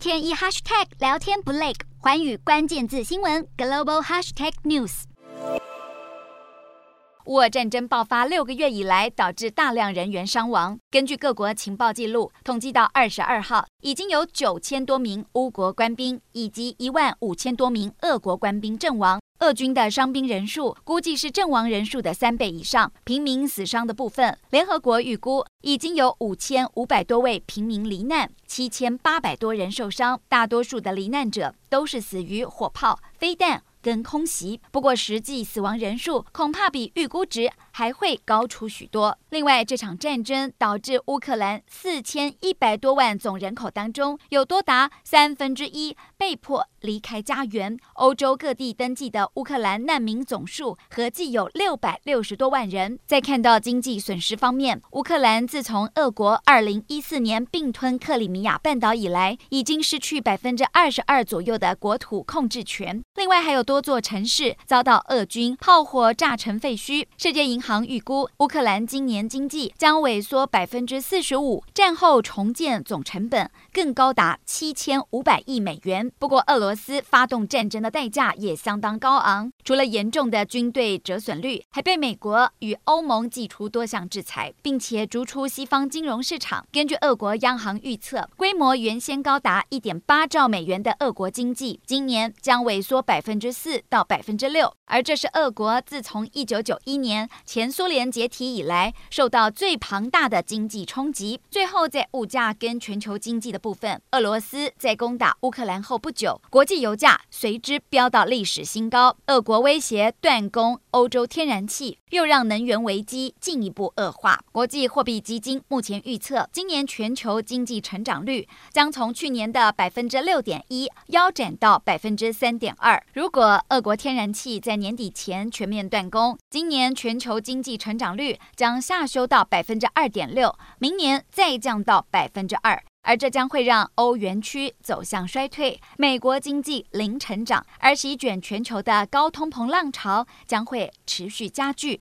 天一 hashtag 聊天不累，寰宇關鍵字新聞 global hashtag news。烏俄戰爭爆發六個月以來，導致大量人員傷亡。根據各國情報記錄，統計到二十二號，已經有九千多名烏國官兵以及一萬五千多名俄國官兵陣亡。俄軍的傷兵人數估計是陣亡人數的三倍以上，平民死傷的部分，聯合國預估已經有五千五百多位平民罹難，七千八百多人受傷，大多數的罹難者都是死於火炮、飛彈跟空襲，不過實際死亡人數恐怕比預估值還會高出許多。另外，這場戰爭導致烏克蘭四千一百多萬總人口當中，有多達三分之一被迫離開家園。歐洲各地登記的烏克蘭難民總數合計有六百六十多萬人。再看到經濟損失方面，烏克蘭自從俄國二零一四年併吞克里米亞半島以來，已經失去百分之二十二左右的國土控制權。另外，還有多座城市遭到俄軍炮火炸成廢墟。世界銀行。行預估，烏克蘭今年經濟將萎縮百分之四十五，戰後重建總成本更高達七千五百億美元。不過，俄羅斯發動戰爭的代價也相當高昂，除了嚴重的軍隊折損率，還被美國與歐盟祭出多項制裁，並且逐出西方金融市場。根據俄國央行預測，規模原先高達一點八兆美元的俄國經濟，今年將萎縮百分之四到百分之六，而這是俄國自從一九九一年前蘇聯解體以來受到最龐大的經濟衝擊。最後在物價跟全球經濟的部分，俄羅斯在攻打烏克蘭後不久，國際油價隨之飆到歷史新高。俄國威脅斷供歐洲天然氣，又讓能源危機進一步惡化。國際貨幣基金目前預測，今年全球經濟成長率將從去年的百分之六點一腰斬到百分之三點二。如果俄國天然氣在年底前全面斷供，今年全球經濟成長率將下修到百分之二點六，明年再降到百分之二，而這將會讓歐元區走向衰退，美國經濟零成長，而席捲全球的高通膨浪潮將會持續加劇。